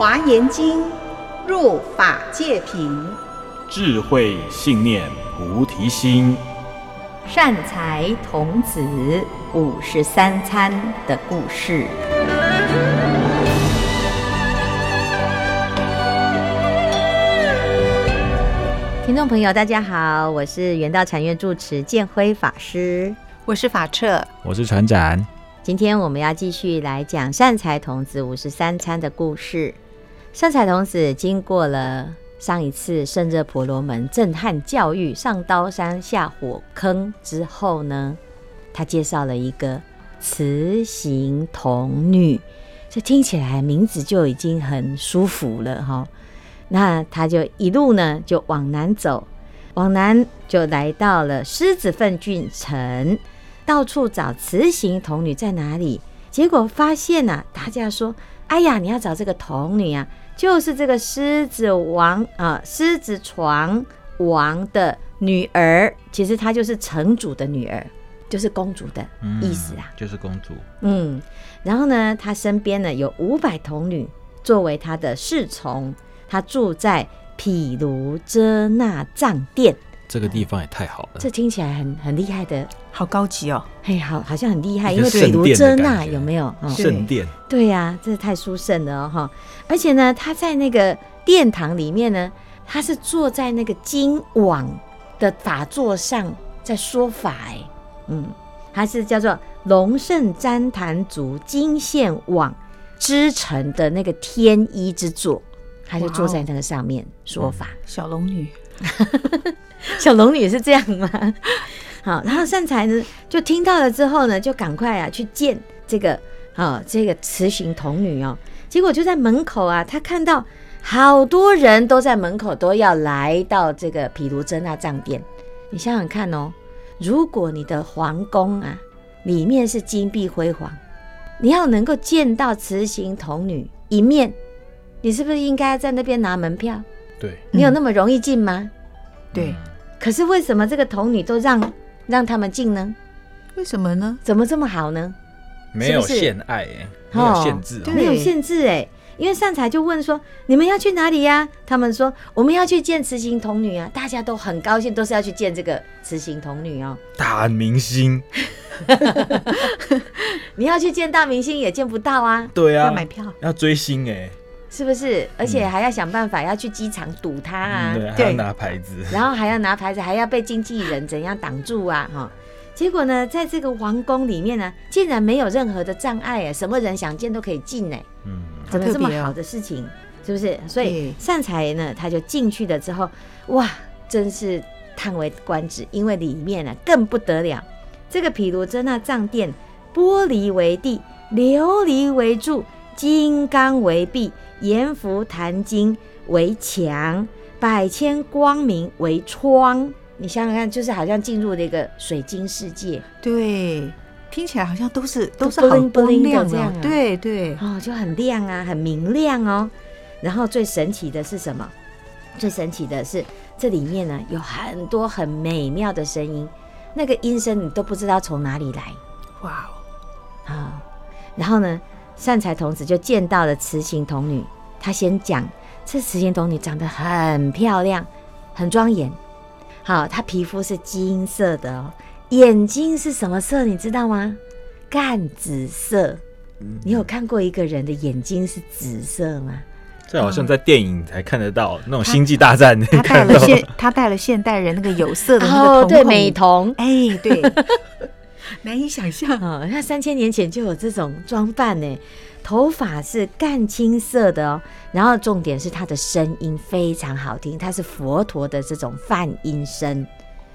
華嚴經入法界品，智慧信念菩提心，善財童子五十三參的故事。聽眾朋友，大家好，我是圓道禪院住持見輝法師，我是法徹，我是船長。今天我們要繼續來講善財童子五十三參的故事。善財童子經過了上一次勝熱婆羅門震撼教育，上刀山下火坑之後呢，他介紹了一個慈行童女，這聽起來名字就已經很舒服了哈。那他就一路呢就往南走，往南就來到了師子奮迅城，到處找慈行童女在哪裡。結果發現呢、啊，大家說：“哎呀，你要找這個童女啊？”就是這個獅子王啊、呃，獅子床王的女兒，其實她就是城主的女兒，就是公主的意思啊，嗯、就是公主。嗯，然後呢，她身邊呢有五百童女作為她的侍從，她住在毗盧遮那藏殿。這個地方也太好了，這聽起來很很厲害的，好高級哦，嘿、哎，好好像很厲害，是因為毗盧遮那啊，殿有沒有？哦、聖殿，對呀、啊，真是太殊勝了哈、哦。而且呢，他在那個殿堂裡面呢，他是坐在那個金網的法座上在說法，哎，嗯，他是叫做龍勝旃檀竹金線網織成的那個天衣之座。他就坐在那個上面說法，嗯、小龍女， 小龍女是這樣嗎？好，然後善財呢就聽到了之後呢，就趕快啊去見這個啊、哦、這個慈行童女哦。結果就在門口啊，他看到好多人都在門口都要來到這個毗盧遮那藏殿。你想想看哦，如果你的皇宮啊裡面是金碧輝煌，你要能夠見到慈行童女一面。你是不是應該在那邊拿門票？對，你有那麼容易進嗎？嗯、對。可是為什麼這個童女都讓讓他們進呢？為什麼呢？怎麼這麼好呢？沒有限愛，沒有限制、喔，對沒有限制哎、欸！因為善財就問說：“你們要去哪裡呀、啊？”他們說：“我們要去見慈行童女啊！”大家都很高興，都是要去見這個慈行童女哦、喔。大明星， 你要去見大明星也見不到啊！對啊，要買票，要追星哎、欸。是不是？而且還要想辦法、嗯、要去機場堵他啊！對、嗯，要拿牌子，對然後還要拿牌子， 還要被經紀人怎樣擋住啊？哈，結果呢，在這個皇宮裡面呢，竟然沒有任何的障礙啊。什麼人想見都可以進呢。嗯，怎麼這麼好的事情？嗯、是不是？所以善財、嗯、呢，他就進去了之後，哇，真是嘆為觀止，因為裡面呢更不得了，這個毗盧遮那藏殿，玻璃為地，琉璃為柱。金剛為壁，閻浮檀金為牆，百千光明為窗。你想想看，就是好像進入那個水晶世界。對，聽起來好像都是都是很光亮啊。對對，對哦，就很亮啊，很明亮哦、喔。然後最神奇的是什麼？最神奇的是這裡面呢有很多很美妙的聲音，那個音聲你都不知道從哪裡來。哇 Wow 哦，啊，然後呢？善財童子就見到了慈行童女，他先講這慈行童女長得很漂亮，很莊嚴。好，她皮膚是金色的哦，眼睛是什麼色？你知道嗎？紺紫色。嗯嗯，你有看過一個人的眼睛是紫色嗎？這好像在電影才看得到，哦、那種星際大戰。他戴了現，他戴了現代人那個有色的那個瞳、哦、對美瞳。哎、欸，對。 難以想象啊！那、哦、三千年前就有這種裝扮呢，頭髮是紺青色的哦。然後重點是他的聲音非常好聽，他是佛陀的這種梵音聲，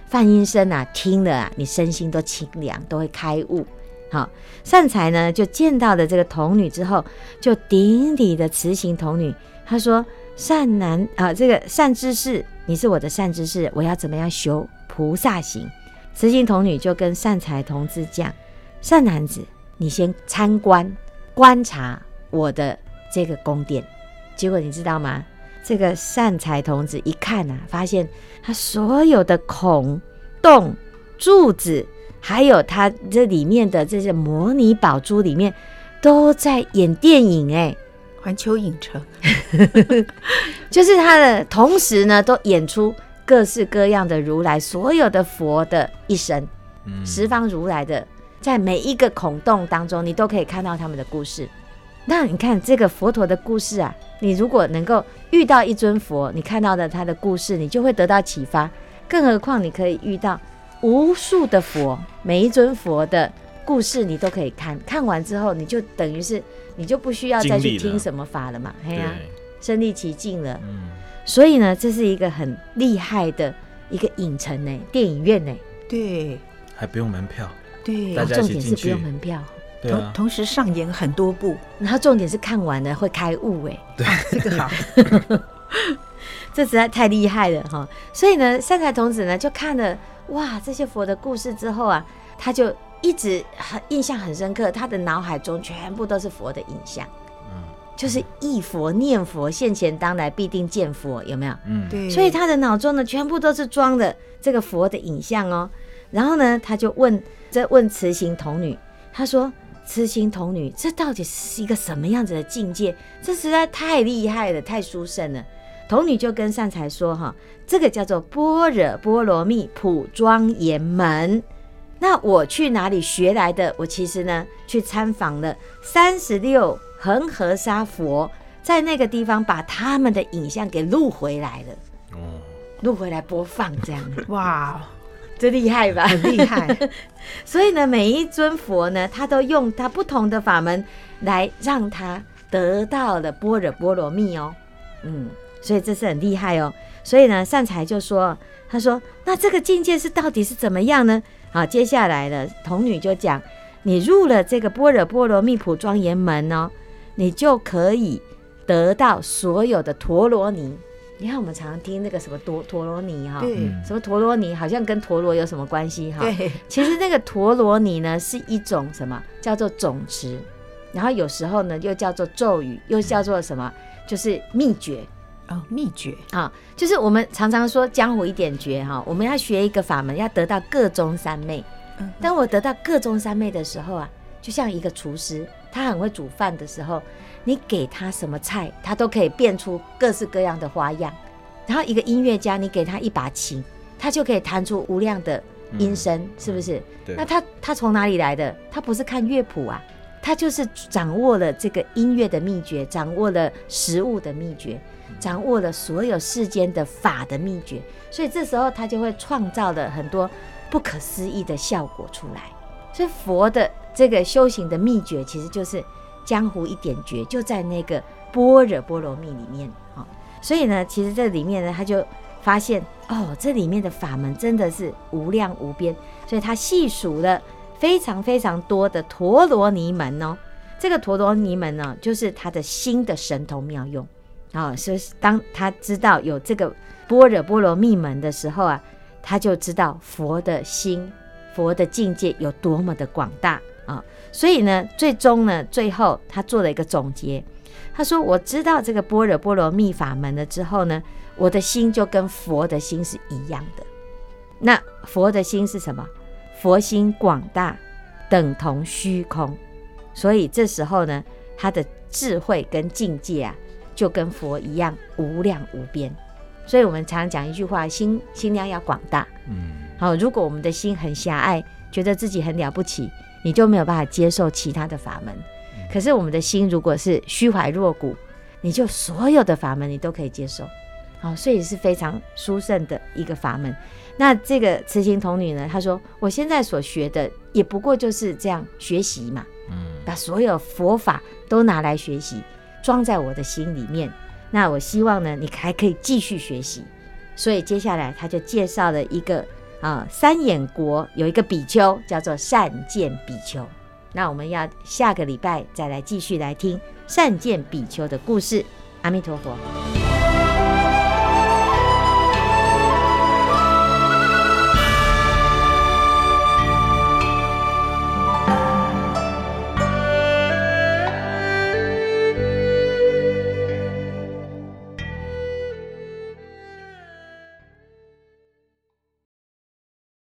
梵音聲啊，聽了啊，你身心都清涼，都會開悟。好、哦，善財呢就見到了這個童女之後，就頂禮的慈行童女，他說：善男啊，這個善知識，你是我的善知識，我要怎麼樣修菩薩行？慈行童女就跟善財童子講：“善男子，你先參觀觀察我的這個宮殿。”結果你知道嗎？這個善財童子一看吶、啊，發現他所有的孔洞、柱子，還有他這裡面的這些摩尼寶珠裡面，都在演電影哎、欸，環球影城， 就是他的同時呢，都演出。各式各樣的如來，所有的佛的一生，嗯、十方如來的，在每一個孔洞當中，你都可以看到他們的故事。那你看這個佛陀的故事啊，你如果能夠遇到一尊佛，你看到的他的故事，你就會得到啟發。更何況你可以遇到無數的佛，每一尊佛的故事你都可以看。看完之後，你就等於是你就不需要再去聽什麼法了嘛？哎呀，身歷其境了。對所以呢，這是一個很厲害的一個影城哎，電影院呢，對，還不用門票，對，還重點是不用門票，同、啊、同時上演很多部，然後重點是看完了會開悟哎，對、啊，這個好， 這實在太厲害了哈。所以呢，善財童子呢就看了哇這些佛的故事之後啊，他就一直很印象很深刻，他的腦海中全部都是佛的影像。就是一佛念佛，現前當來必定見佛，有沒有？嗯，對。所以他的腦中呢，全部都是裝的這個佛的影像哦。然後呢，他就問這問慈行童女，他說：“慈行童女，這到底是是一個什麼樣子的境界？這實在太厲害了，太殊勝了。”童女就跟善財說：“哈，這個叫做般若波羅蜜普莊嚴門。那我去哪裡學來的？我其實呢，去參訪了三十六。”恆河沙佛在那個地方把他們的影像給錄回來了，嗯，錄回來播放這樣，哇、wow， 這厲害吧？很厲害。 所以呢，每一尊佛呢，他都用他不同的法門來讓他得到了般若波羅蜜哦，嗯，所以這是很厲害哦。所以呢，善財就說，他說，那這個境界是到底是怎麼樣呢？好，接下來的童女就講，你入了這個般若波羅蜜普莊嚴門哦。你就可以得到所有的陀羅尼。你看，我們常常聽那個什麼陀陀羅尼哈，對什麼陀羅尼，好像跟陀螺有什麼關係哈？對其實那個陀羅尼呢是一種什麼，叫做總持，然後有時候呢又叫做咒語，又叫做什麼，就是秘訣哦，秘訣啊，就是我們常常說江湖一點訣哈、啊，我們要學一個法門，要得到個中三昧。當、嗯嗯、我得到個中三昧的時候啊，就像一個廚師。他很會煮飯的時候，你給他什麼菜，他都可以變出各式各樣的花樣。然後一個音樂家，你給他一把琴，他就可以彈出無量的音聲，嗯、是不是？嗯、那他他從哪裡來的？他不是看樂譜啊，他就是掌握了這個音樂的秘訣，掌握了食物的秘訣，掌握了所有世間的法的秘訣，所以這時候他就會創造了很多不可思議的效果出來。所以佛的。這個修行的秘訣其實就是江湖一點訣，就在那個般若波羅蜜裡面啊。所以呢，其實這裡面呢，他就發現哦，這裡面的法門真的是無量無邊。所以他細數了非常非常多的陀羅尼門哦。這個陀羅尼門呢，就是他的心的神通妙用啊、哦。所以當他知道有這個般若波羅蜜門的時候啊，他就知道佛的心、佛的境界有多麼的廣大。啊、哦，所以呢，最終呢，最後他做了一個總結，他說：“我知道這個般若波羅蜜法門了之後呢，我的心就跟佛的心是一樣的。那佛的心是什麼？佛心廣大，等同虛空。所以這時候呢，他的智慧跟境界啊，就跟佛一樣無量無邊。所以我們常講一句話：心心量要廣大。好、哦，如果我們的心很狹隘，覺得自己很了不起，你就沒有辦法接受其他的法門，可是我們的心如果是虛懷若谷，你就所有的法門你都可以接受，好、哦，所以是非常殊勝的一個法門。那這個慈行童女呢，她說我現在所學的也不過就是這樣學習嘛，把所有佛法都拿來學習，裝在我的心裡面。那我希望呢，你還可以繼續學習。所以接下來她就介紹了一個。啊，三眼國有一個比丘叫做善見比丘。那我們要下個禮拜再來繼續來聽善見比丘的故事。阿彌陀佛。